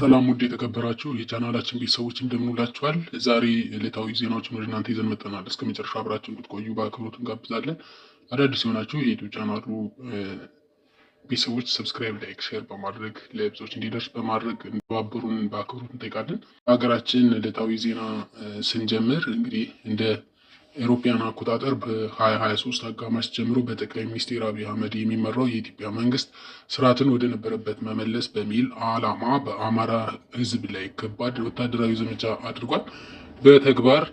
ሰላም ውድ የተከበራችሁ የቻናላችን ቤተሰቦች እንደምንውላችኋል። ዛሬ ዕለታዊ ዜናዎችን ወደ እናንተ ይዘን መጠናል። እስከ መጨረሻ አብራችሁ እንድትቆዩ በአክብሮት እንጋብዛለን። አዳዲስ የሆናችሁ የዩቲዩብ ቻናሉ ቤተሰቦች ሰብስክራይብ፣ ላይክ፣ ሼር በማድረግ ለብዙዎች እንዲደርስ በማድረግ እንደባበሩን በአክብሮት እንጠይቃለን። በሀገራችን ዕለታዊ ዜና ስንጀምር እንግዲህ እንደ ኤሮፓያን አቆጣጠር በ2023 አጋማሽ ጀምሮ በጠቅላይ ሚኒስትር አብይ አህመድ የሚመራው የኢትዮጵያ መንግስት ስርዓትን ወደ ነበረበት መመለስ በሚል አላማ በአማራ ህዝብ ላይ ከባድ ወታደራዊ ዘመቻ አድርጓል። በተግባር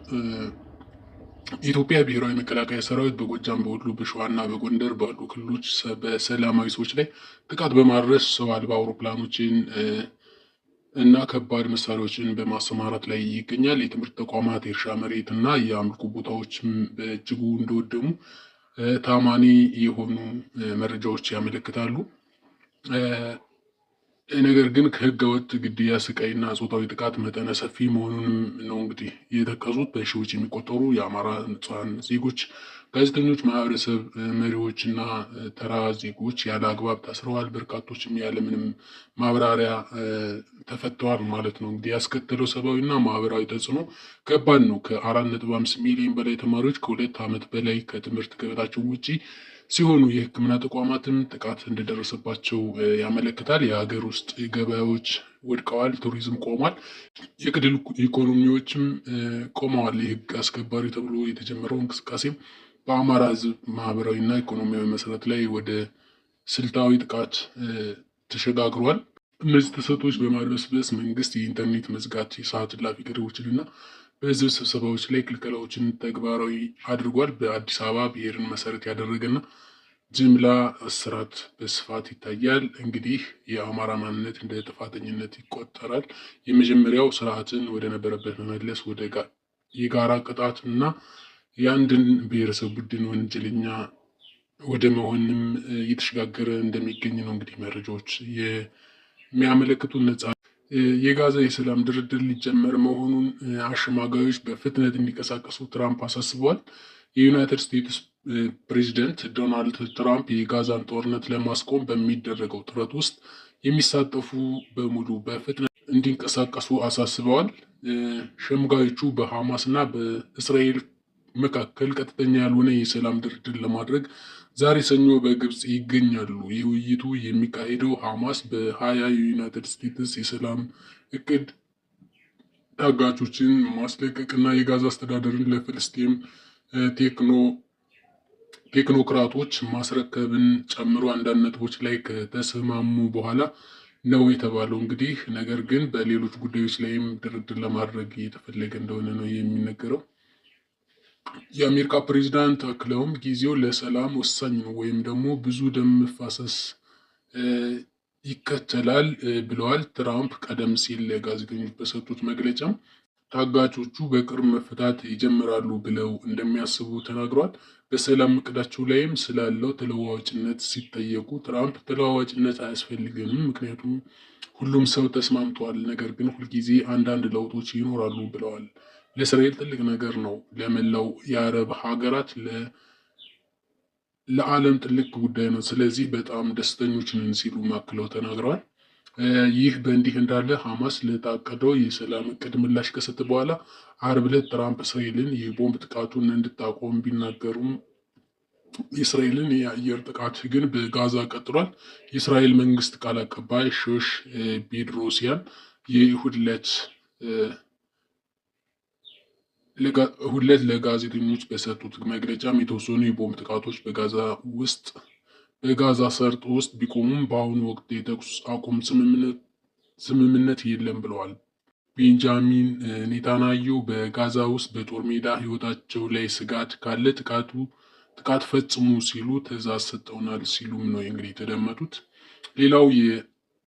የኢትዮጵያ ብሔራዊ መከላከያ ሰራዊት በጎጃም፣ በወሎ፣ በሸዋና በጎንደር ባሉ ክልሎች በሰላማዊ ሰዎች ላይ ጥቃት በማድረስ ሰው አልባ አውሮፕላኖችን እና ከባድ መሳሪያዎችን በማሰማራት ላይ ይገኛል። የትምህርት ተቋማት፣ የእርሻ መሬት እና የአምልኮ ቦታዎች በእጅጉ እንደወደሙ ታማኒ የሆኑ መረጃዎች ያመለክታሉ። ነገር ግን ከህገ ወጥ ግድያ፣ ስቃይና ጾታዊ ጥቃት መጠነ ሰፊ መሆኑንም ነው እንግዲህ የጠቀሱት። በሺዎች የሚቆጠሩ የአማራ ንጹሐን ዜጎች፣ ጋዜጠኞች፣ ማህበረሰብ መሪዎች እና ተራ ዜጎች ያለ አግባብ ታስረዋል። በርካቶችም ያለምንም ማብራሪያ ተፈተዋል ማለት ነው። እንግዲህ ያስከተለው ሰብአዊና ማህበራዊ ተጽዕኖ ከባድ ነው። ከአራት ነጥብ አምስት ሚሊዮን በላይ ተማሪዎች ከሁለት ዓመት በላይ ከትምህርት ገበታቸው ውጪ ሲሆኑ የህክምና ተቋማትም ጥቃት እንደደረሰባቸው ያመለክታል። የሀገር ውስጥ ገበያዎች ወድቀዋል፣ ቱሪዝም ቆሟል፣ የክልል ኢኮኖሚዎችም ቆመዋል። የህግ አስከባሪ ተብሎ የተጀመረው እንቅስቃሴም በአማራ ህዝብ ማህበራዊና ኢኮኖሚያዊ መሰረት ላይ ወደ ስልታዊ ጥቃት ተሸጋግሯል። እነዚህ ተሰቶች በማድበስበስ መንግስት የኢንተርኔት መዝጋት፣ የሰዓት እላፊ ገደቦችን እና በህዝብ ስብሰባዎች ላይ ክልከላዎችን ተግባራዊ አድርጓል። በአዲስ አበባ ብሔርን መሰረት ያደረገና ጅምላ እስራት በስፋት ይታያል። እንግዲህ የአማራ ማንነት እንደ ጥፋተኝነት ይቆጠራል። የመጀመሪያው ስርዓትን ወደ ነበረበት መመለስ ወደ የጋራ ቅጣት እና የአንድን ብሔረሰብ ቡድን ወንጀለኛ ወደ መሆንም እየተሸጋገረ እንደሚገኝ ነው እንግዲህ መረጃዎች የሚያመለክቱ ነጻ የጋዛ የሰላም ድርድር ሊጀመር መሆኑን አሸማጋዮች በፍጥነት እንዲቀሳቀሱ ትራምፕ አሳስበዋል። የዩናይትድ ስቴትስ ፕሬዚደንት ዶናልድ ትራምፕ የጋዛን ጦርነት ለማስቆም በሚደረገው ጥረት ውስጥ የሚሳተፉ በሙሉ በፍጥነት እንዲንቀሳቀሱ አሳስበዋል። ሸምጋዮቹ በሐማስ እና በእስራኤል መካከል ቀጥተኛ ያልሆነ የሰላም ድርድር ለማድረግ ዛሬ ሰኞ በግብፅ ይገኛሉ። ይህ ውይይቱ የሚካሄደው ሐማስ በሀያ የዩናይትድ ስቴትስ የሰላም እቅድ ታጋቾችን ማስለቀቅና የጋዛ አስተዳደርን ለፍልስጤም ቴክኖ ቴክኖክራቶች ማስረከብን ጨምሮ አንዳንድ ነጥቦች ላይ ከተስማሙ በኋላ ነው የተባለው። እንግዲህ ነገር ግን በሌሎች ጉዳዮች ላይም ድርድር ለማድረግ እየተፈለገ እንደሆነ ነው የሚነገረው። የአሜሪካ ፕሬዚዳንት አክለውም ጊዜው ለሰላም ወሳኝ ነው ወይም ደግሞ ብዙ ደም መፋሰስ ይከተላል ብለዋል። ትራምፕ ቀደም ሲል ለጋዜጠኞች በሰጡት መግለጫም ታጋቾቹ በቅርብ መፈታት ይጀምራሉ ብለው እንደሚያስቡ ተናግሯል። በሰላም እቅዳቸው ላይም ስላለው ተለዋዋጭነት ሲጠየቁ ትራምፕ ተለዋዋጭነት አያስፈልግም፣ ምክንያቱም ሁሉም ሰው ተስማምተዋል፣ ነገር ግን ሁልጊዜ አንዳንድ ለውጦች ይኖራሉ ብለዋል። ለእስራኤል ትልቅ ነገር ነው። ለመላው የአረብ ሀገራት ለዓለም ትልቅ ጉዳይ ነው። ስለዚህ በጣም ደስተኞች ነን ሲሉ ማክለው ተናግረዋል። ይህ በእንዲህ እንዳለ ሐማስ ለታቀደው የሰላም እቅድ ምላሽ ከሰጠ በኋላ አርብ ዕለት ትራምፕ እስራኤልን የቦምብ ጥቃቱን እንድታቆም ቢናገሩም የእስራኤልን የአየር ጥቃት ግን በጋዛ ቀጥሏል። የእስራኤል መንግስት ቃል አቀባይ ሾሽ ቤድሮሲያን የይሁድ ዕለት ሁለት ለጋዜጠኞች በሰጡት መግለጫም የተወሰኑ የቦምብ ጥቃቶች በጋዛ ውስጥ በጋዛ ሰርጥ ውስጥ ቢቆሙም በአሁኑ ወቅት የተኩስ አቁም ስምምነት የለም ብለዋል። ቤንጃሚን ኔታናዮ በጋዛ ውስጥ በጦር ሜዳ ህይወታቸው ላይ ስጋት ካለ ጥቃቱ ጥቃት ፈጽሙ ሲሉ ትዕዛዝ ሰጠውናል ሲሉም ነው እንግዲህ የተደመጡት። ሌላው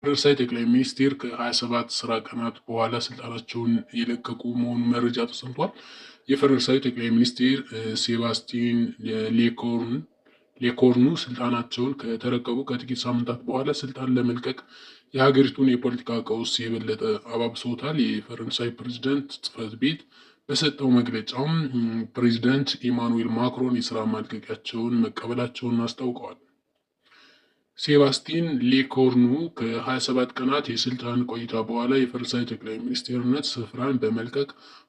ርዕሰ ጠቅላይ ሚኒስቴር ከ27 ስራ ቀናት በኋላ ስልጣናቸውን የለቀቁ መሆኑ መረጃ ተሰምቷል። የፈረንሳዊ ጠቅላይ ሚኒስቴር ሴባስቲን ሌኮርኑ ስልጣናቸውን ከተረከቡ ከጥቂት ሳምንታት በኋላ ስልጣን ለመልቀቅ የሀገሪቱን የፖለቲካ ቀውስ የበለጠ አባብሶታል። የፈረንሳይ ፕሬዚደንት ጽህፈት ቤት በሰጠው መግለጫውም ፕሬዚደንት ኢማኑኤል ማክሮን የስራ ማልቀቂያቸውን መቀበላቸውን አስታውቀዋል። ሴባስቲን ሌኮርኑ ከ27 ቀናት የስልጣን ቆይታ በኋላ የፈረንሳይ ጠቅላይ ሚኒስትርነት ስፍራን በመልቀቅ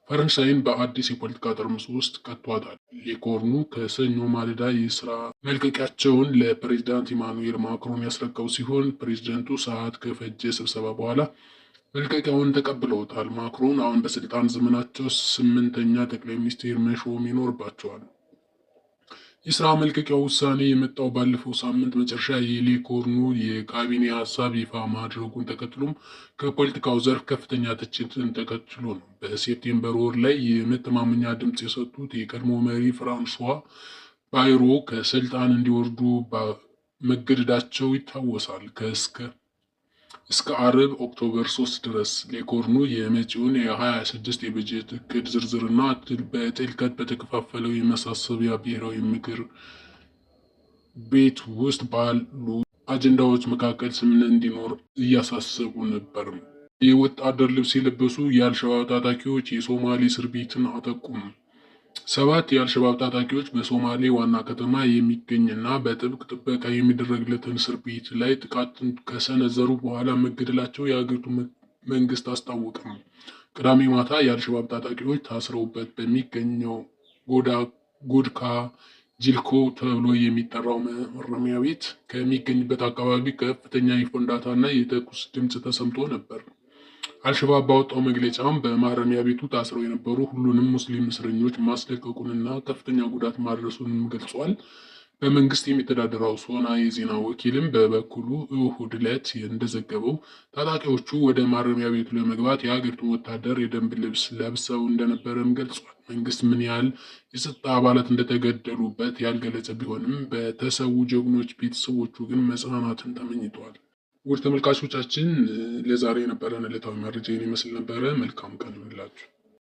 ፈረንሳይን በአዲስ የፖለቲካ ጠርሙስ ውስጥ ቀጥቷታል። ሌኮርኑ ከሰኞ ማለዳ የስራ መልቀቂያቸውን ለፕሬዚዳንት ኢማኑኤል ማክሮን ያስረከቡ ሲሆን ፕሬዚደንቱ ሰዓት ከፈጀ ስብሰባ በኋላ መልቀቂያውን ተቀብለውታል። ማክሮን አሁን በስልጣን ዘመናቸው ስምንተኛ ጠቅላይ ሚኒስትር መሾም ይኖርባቸዋል። የስራ መልቀቂያ ውሳኔ የመጣው ባለፈው ሳምንት መጨረሻ የሌኮርኑ የካቢኔ ሀሳብ ይፋ ማድረጉን ተከትሎም ከፖለቲካው ዘርፍ ከፍተኛ ትችትን ተከትሎ ነው። በሴፕቴምበር ወር ላይ የመተማመኛ ድምፅ የሰጡት የቀድሞ መሪ ፍራንሷ ባይሮ ከስልጣን እንዲወርዱ መገደዳቸው ይታወሳል። ከእስከ እስከ አርብ ኦክቶበር 3 ድረስ ሌኮርኑ የመጪውን የ26 የበጀት እቅድ ዝርዝርና በጥልቀት በተከፋፈለው የመሳሰቢያ ብሔራዊ ምክር ቤት ውስጥ ባሉ አጀንዳዎች መካከል ስምምነት እንዲኖር እያሳሰቡ ነበር። የወታደር ልብስ የለበሱ የአልሸባብ ታጣቂዎች የሶማሌ እስር ቤትን አጠቁም። ሰባት የአልሸባብ ታጣቂዎች በሶማሌ ዋና ከተማ የሚገኝና በጥብቅ ጥበቃ የሚደረግለትን እስር ቤት ላይ ጥቃትን ከሰነዘሩ በኋላ መገደላቸው የአገሪቱ መንግስት አስታወቀም። ቅዳሜ ማታ የአልሸባብ ታጣቂዎች ታስረውበት በሚገኘው ጎድካ ጅልኮ ተብሎ የሚጠራው ማረሚያ ቤት ከሚገኝበት አካባቢ ከፍተኛ የፍንዳታና የተኩስ ድምፅ ተሰምቶ ነበር። አልሸባብ ባወጣው መግለጫም በማረሚያ ቤቱ ታስረው የነበሩ ሁሉንም ሙስሊም እስረኞች ማስለቀቁንና ከፍተኛ ጉዳት ማድረሱንም ገልጿል። በመንግስት የሚተዳደረው ሶና የዜና ወኪልም በበኩሉ እሁድ ዕለት እንደዘገበው ታጣቂዎቹ ወደ ማረሚያ ቤቱ ለመግባት የሀገሪቱ ወታደር የደንብ ልብስ ለብሰው እንደነበረም ገልጿል። መንግስት ምን ያህል የጸጥታ አባላት እንደተገደሉበት ያልገለጸ ቢሆንም በተሰዉ ጀግኖች ቤተሰቦቹ ግን መጽናናትን ተመኝተዋል። ውድ ተመልካቾቻችን ለዛሬ የነበረን ዕለታዊ መረጃ ይህን ይመስል ነበረ። መልካም ቀን ይሁንላችሁ።